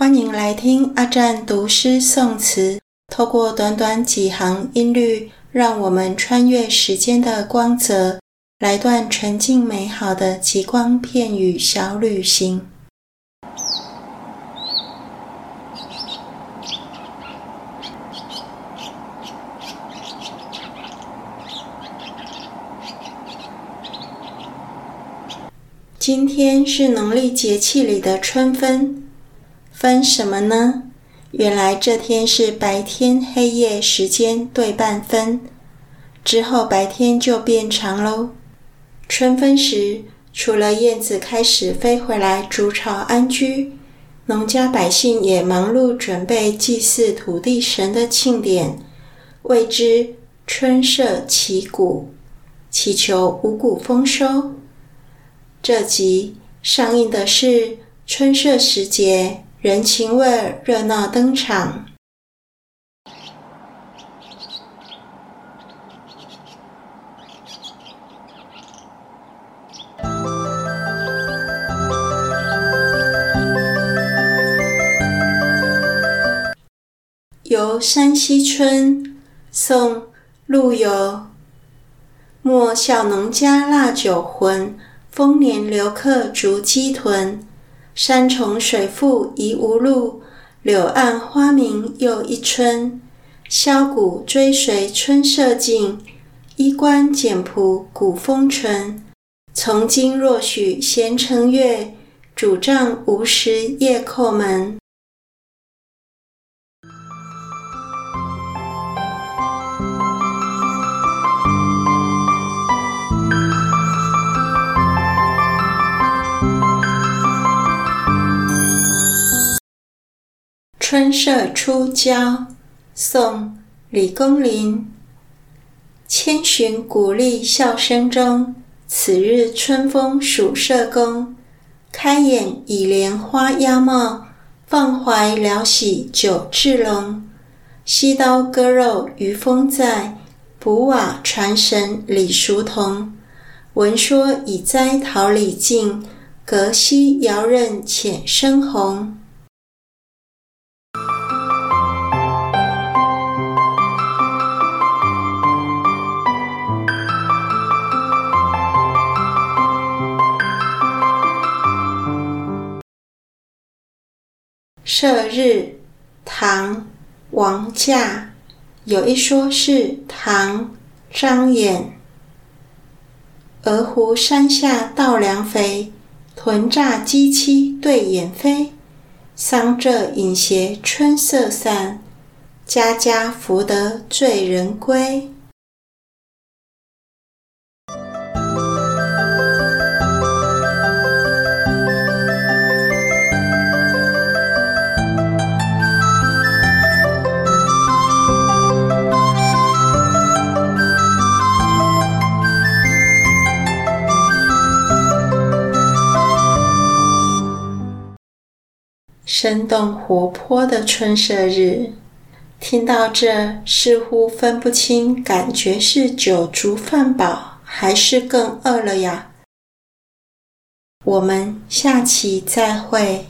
歡迎來聽阿占讀詩誦詞，透過短短幾行音律，讓我們穿越時間的光澤，來段純淨美好的極光片語小旅行。今天是農曆節氣裡的春分。分什麼呢？原來這天是白天黑夜時間對半分，之後白天就變長嘍。春分時，除了燕子開始飛回來築巢安居，農家百姓也忙碌準備祭祀土地神的慶典，謂之春社祈穀，祈求五穀豐收。這集上映的是春社時節。人情味熱鬧登場。遊《山西村》宋陸游：“莫笑農家臘酒渾，豐年留客足雞豚。”山重水複疑無路，柳暗花明又一村。簫鼓追隨春社近，衣冠簡樸古風存。從今若許閒乘月，拄杖無時夜叩門。春社出郊，宋·李公麟。千尋古櫟笑聲中，此日春風屬社公。開眼已憐花壓帽，放懷聊喜酒治聾。攜刀割肉餘風在，卜瓦傳神俚俗同。聞說已栽桃李徑，隔溪遙認淺深紅。社日，唐，王駕有一說是唐張演。鵝湖山下稻粱肥，豚柵雞棲對掩扉，桑柘影斜春社散，家家扶得醉人歸。生動活潑的春社日，聽到這，似乎分不清感覺是酒足飯飽，還是更餓了呀。我們下期再會。